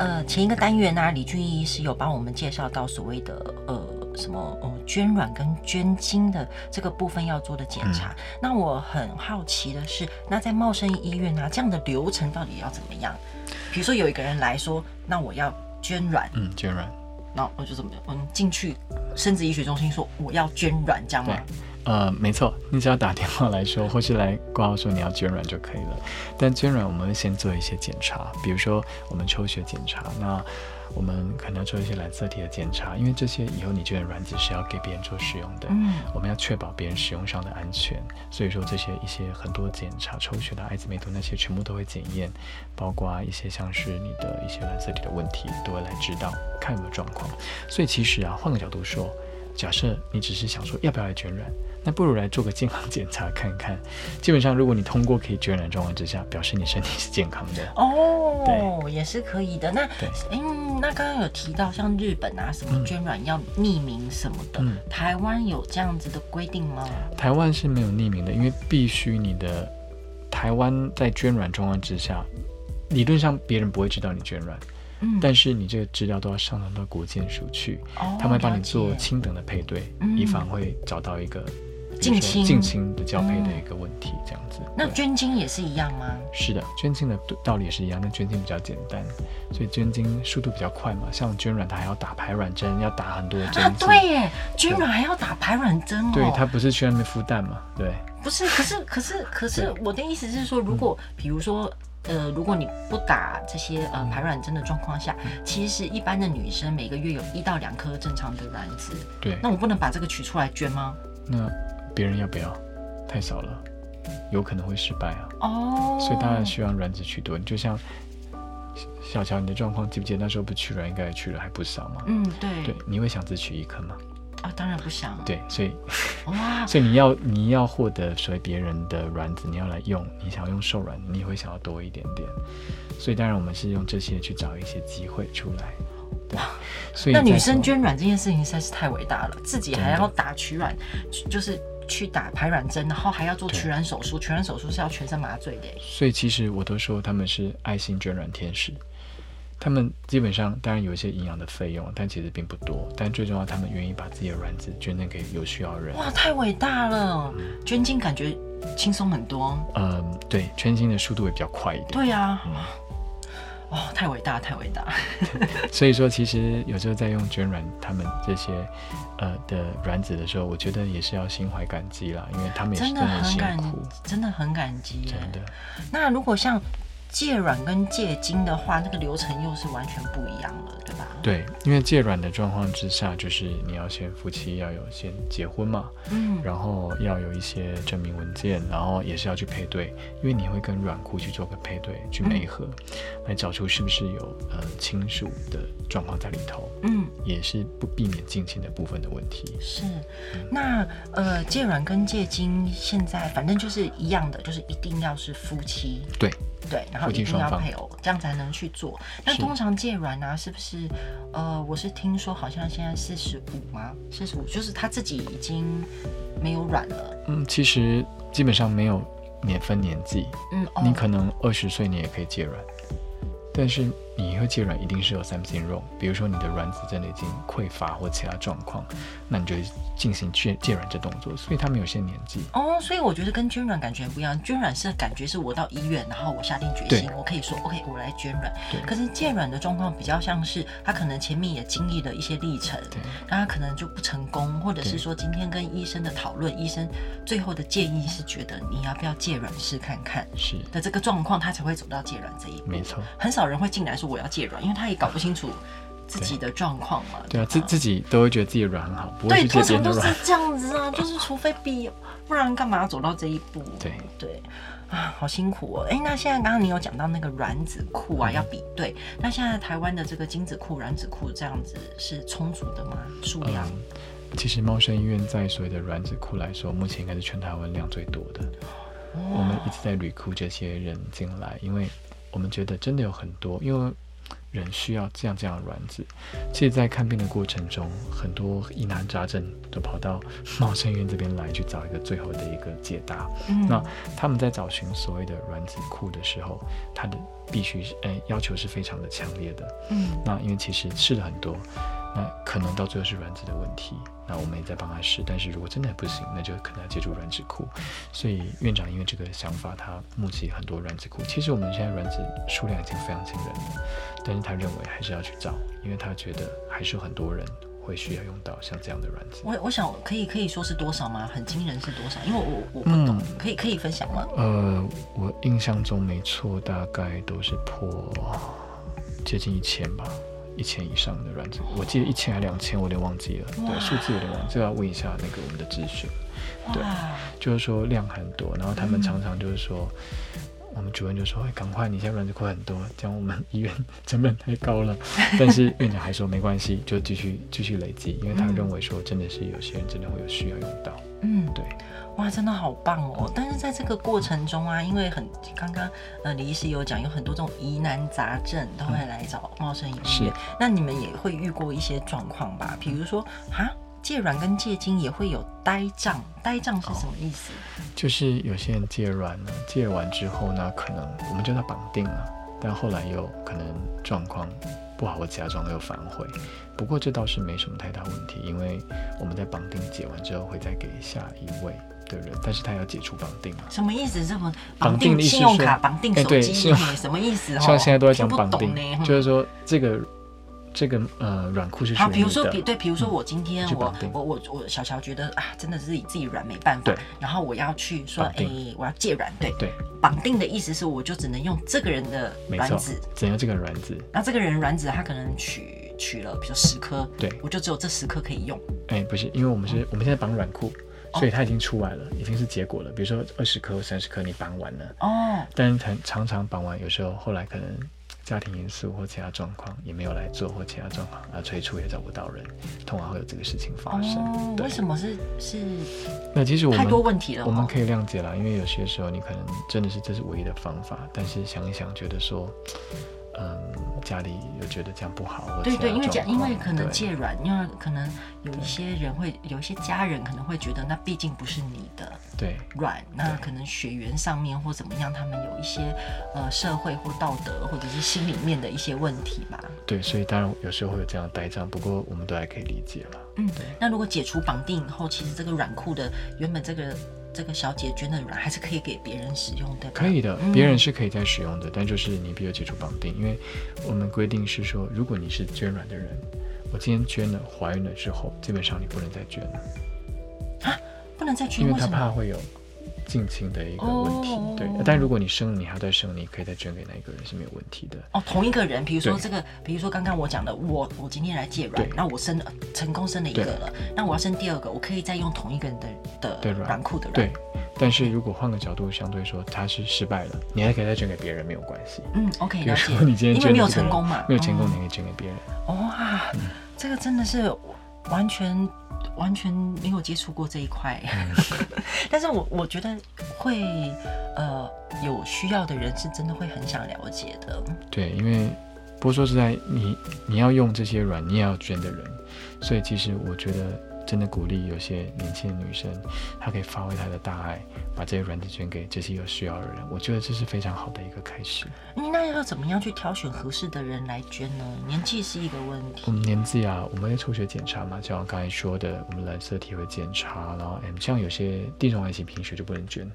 呃，前一個單元呢、啊，李俊逸醫師有幫我們介紹到所謂的呃什麼呃捐卵跟捐精的這個部分要做的檢查。嗯、那我很好奇的是，那在茂盛醫院呢、啊，這樣的流程到底要怎麼樣？比如說有一個人來說，那我要捐卵，嗯，捐卵，那我就怎麼樣？嗯，進去生殖醫學中心說我要捐卵，這樣嗎？呃，沒錯，你只要打電話來說，或是來掛號說你要捐卵就可以了。但捐卵我們會先做一些檢查，比如說我們抽血檢查，那我們可能要做一些染色體的檢查，因為這些以後你捐的卵子是要給別人做使用的，嗯，我們要確保別人使用上的安全，所以說這些一些很多檢查，抽血的、艾滋、梅毒那些全部都會檢驗，包括一些像是你的一些染色體的問題，都會來知道看有沒有狀況。所以其實啊，換個角度說，假設你只是想說要不要來捐卵。那不如來做個健康檢查看看。基本上，如果你通過可以捐卵狀況之下，表示你身體是健康的哦。對，也是可以的。那對，哎，那剛剛有提到像日本啊，什麼捐卵要匿名什麼的，嗯、台灣有這樣子的規定嗎、嗯？台灣是沒有匿名的，因為必須你的台灣在捐卵狀況之下，理論上別人不會知道你捐卵。嗯。但是你這個資料都要上傳到國健署去，哦、他們會幫你做親等的配對，嗯、以防會找到一個。近親近親的交配的一個問題，嗯、這樣子。那捐精也是一樣嗎？嗯、是的，捐精的道理也是一樣，那捐精比較簡單，所以捐精速度比較快嘛。像捐卵，它還要打排卵針，要打很多針、啊。對耶，對捐卵還要打排卵針哦。對，它不是去外面孵蛋嘛？對。不是，可是可是可是，可是我的意思是說， 對如果比如說呃，如果你不打這些呃排卵針的狀況下，嗯、其實一般的女生每個月有一到兩顆正常的卵子。對。那我不能把這個取出來捐嗎？那。別人要不要？太少了，有可能會失敗啊。哦。Oh. 所以當然需要卵子取多。就像小喬，你的狀況記不記得那時候不取卵，應該取了，還不少嘛。嗯，對，對。你會想只取一顆嗎？啊，當然不想、啊。對，所以哇，oh. 所以你要你要獲得所謂別人的卵子，你要來用，你想要用瘦卵，你也會想要多一點點。所以當然我們是用這些去找一些機會出來。哇，Wow. 所以那女生捐卵這件事情實在是太偉大了，自己還要打取卵，對就是。去打排卵針，然後還要做取卵手術。取卵對手術是要全身麻醉的。所以其實我都說他們是愛心捐卵天使。他們基本上當然有一些營養的費用，但其實並不多。但最重要，他們願意把自己的卵子捐贈給有需要的人。哇，太偉大了！嗯、捐精感覺輕鬆很多。嗯，對，捐精的速度也比較快一點。對呀、啊。嗯哦，太偉大，太偉大 所以說，其實有時候在用捐卵他們這些呃的卵子的時候，我覺得也是要心懷感激啦，因為他們也是真的很辛苦，真的，真的很感激。真的。那如果像。借卵跟借精的話，那個流程又是完全不一樣了，對吧？對，因為借卵的狀況之下，就是你要先夫妻要有先結婚嘛，嗯，然後要有一些證明文件，然後也是要去配對，因為你會跟卵庫去做個配對去媒合，嗯、來找出是不是有呃親屬的狀況在裡頭，嗯，也是不避免近親的部分的問題。是，那呃借卵跟借精現在反正就是一樣的，就是一定要是夫妻。對。對，然後一定要配偶，這樣才能去做。但通常借卵啊，是不是？呃，我是聽說好像現在四十五嗎？四十五就是他自己已經沒有卵了。嗯，其實基本上沒有年份年紀。嗯，你可能二十歲你也可以借卵。但是你以後借卵，一定是有 something wrong，比如說你的卵子真的已經匱乏或其他狀況，那你就進行借借卵這動作，所以他沒有限年紀哦。所以我覺得跟捐卵感覺不一樣，捐卵是感覺是我到醫院，然後我下定決心，對我可以說 OK，我來捐卵。對。可是借卵的狀況比較像是他可能前面也經歷了一些歷程，對但他可能就不成功，或者是說今天跟醫生的討論，對醫生。最後的建議是，覺得你要不要借卵試看看，是的這個狀況，他才會走到借卵這一步。沒錯錯，很少人會進來說我要借卵，因為他也搞不清楚自己的狀況嘛。對啊吧，自自己都會覺得自己卵很好，不會去借。對，通常都是這樣子啊，就是除非必要，不然幹嘛要走到這一步？對對，啊，好辛苦哦、喔。哎、欸，那現在剛剛你有講到那個卵子庫啊，嗯、要比對。那現在台灣的這個精子庫、卵子庫這樣子是充足的嗎？數量？嗯其實茂盛醫院在所謂的卵子庫來說，目前應該是全台灣量最多的。哇我們一直在旅庫這些人進來，因為我們覺得真的有很多，因為人需要這樣這樣的卵子。其實，在看病的過程中，很多疑難雜症都跑到茂盛醫院這邊來去找一個最後的一個解答。嗯、那他們在找尋所謂的卵子庫的時候，他的必須是呃要求是非常的強烈的。嗯，那因為其實試了很多。那可能到最後是卵子的問題，那我們也在幫他試。但是如果真的不行，那就可能要借助卵子庫。所以院長因為這個想法，他募集很多卵子庫。其實我們現在卵子數量已經非常驚人了，但是他認為還是要去找，因為他覺得還是有很多人會需要用到像這樣的卵子。我我想可以可以說是多少嗎？很驚人是多少？因為我我不懂，嗯、可以可以分享嗎？呃，我印象中沒錯，大概都是破接近一千吧。一千以上的軟件，我記得一千還兩千，我有點忘記了。哇對，數字有點忘記，就要問一下那個我們的諮詢。對，哇就是說量很多，然後他們常常就是說。嗯嗯我們主任就說：“哎、欸，趕快，你現在人就虧很多，這樣我們醫院成本太高了。” 但是院長還說：“沒關係，就繼續繼續累積，因為他認為說，真的是有些人真的會有需要用到。”嗯，對，哇，真的好棒哦！嗯、但是在這個過程中啊，因為很剛剛呃李醫師有講，有很多這種疑難雜症都會來找茂盛醫院，嗯、那你們也會遇過一些狀況吧？比如說哈借卵跟借精也會有呆賬呆賬是什麼意思？哦、就是有些人借卵了，借完之後呢，可能我們就算綁定了，但後來又可能狀況不好或假裝又反悔，不過這倒是沒什麼太大問題，因為我們在綁定借完之後會再給下一位的人，但是他要解除綁定了，什麼意思？這麼綁定信用卡，綁定，信用卡綁定手機？哎、對信用，什麼意思哦？像現在都在講綁定，就是說這個。這個呃卵庫是什麼？好，比如說比對，比如說我今天我我我我小喬覺得啊，真的是自己卵沒辦法，然後我要去說，哎，我要借卵，對對。綁定的意思是，我就只能用這個人的卵子，只能用這個卵子。那這個人卵子他可能取取了，比如十顆，對，我就只有這十顆可以用。哎，不是，因為我們是我們現在綁卵庫，所以它已經出來了，已經是結果了。比如說二十顆、三十顆，你綁完了哦。但是常常常綁完，有時候後來可能。家庭因素或其他狀況也沒有來做，或其他狀況啊，催促也找不到人，通常會有這個事情發生。哦、對為什麼是是？那其實我們太多問題了，我們可以諒解啦，因為有些時候你可能真的是，這是唯一的方法，但是想一想，覺得說。嗯，家裡又覺得這樣不好。或對對，因為這樣，因為可能借卵對，因為可能有一些人會，對有一些家人可能會覺得，那畢竟不是你的。對。卵，那可能血緣上面或怎麼樣，他們有一些對呃社會或道德或者是心裡面的一些問題吧。對，所以當然有時候會有這樣呆賬，不過我們都還可以理解嘛。嗯，對。那如果解除綁定以後，其實這個卵庫的原本這個。這個小姐捐的卵還是可以給別人使用的，可以的，嗯、別人是可以再使用的，但就是你必須解除綁定，因為我們規定是說，如果你是捐卵的人，我今天捐了，懷孕了之後，基本上你不能再捐了啊，不能再捐，因為他怕會有。近親的一個問題，對。但如果你生，你還要再生，你可以再捐給那一個人是沒有問題的。哦，同一個人，比如說這個，比如說剛剛我講的，我我今天來借卵，那我生成功生了一個了，那我要生第二個，我可以再用同一個人的的卵庫的卵。對，但是如果換個角度，相對說他是失敗了，你還可以再捐給別人沒有關係。嗯，OK，了解。比如說你今天因為沒有成功嘛，沒有成功你可以捐給別人。哇，這個真的是。完全完全沒有接觸過這一塊， 但是我我覺得會呃有需要的人是真的會很想了解的。對，因為不過說實在，你你要用這些軟，你也要捐的人，所以其實我覺得。真的鼓勵有些年輕的女生，她可以發揮她的大愛，把這些軟體捐給這些有需要的人。我覺得這是非常好的一個開始。嗯、那要怎麼樣去挑選合適的人來捐呢？年紀是一個問題。我們年紀啊，我們要抽血檢查嘛，就像我剛才說的，我們染色體會檢查，然後 M, 像有些地中海型貧血就不能捐。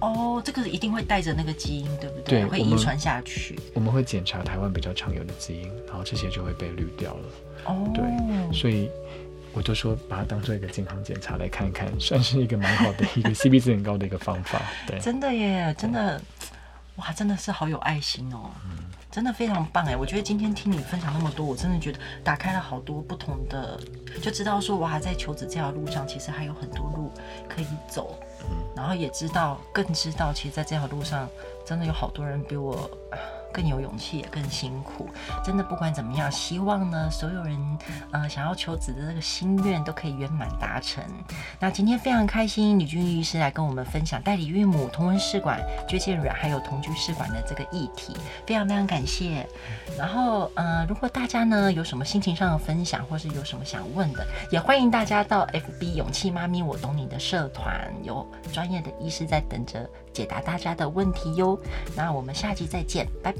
啊、哦，這個一定會帶着那個基因，對不對？對，會遺傳下去。我。我們會檢查台灣比較常有的基因，然後這些就會被濾掉了。哦，對，所以。我就說把它當作一個健康檢查來看一看，算是一個蠻好的一個 CP 值很高的一個方法。 對，真的耶，真的，嗯、哇，真的是好有愛心哦，真的非常棒哎！我覺得今天聽你分享那麼多，我真的覺得打開了好多不同的，就知道說我還在求子這條路上其實還有很多路可以走，嗯、然後也知道更知道，其實在這條路上真的有好多人比我。更有勇氣也更辛苦，真的不管怎麼樣，希望呢所有人呃想要求子的這個心願都可以圓滿達成。那今天非常開心，李俊逸醫師來跟我們分享代理孕母同文、同溫試管、捐精卵還有同居試管的這個議題，非常非常感謝。然後呃，如果大家呢有什麼心情上的分享，或是有什麼想問的，也歡迎大家到 FB 勇氣媽咪我懂你的社團，有專業的醫師在等着解答大家的問題喲。那我們下集再見，拜拜。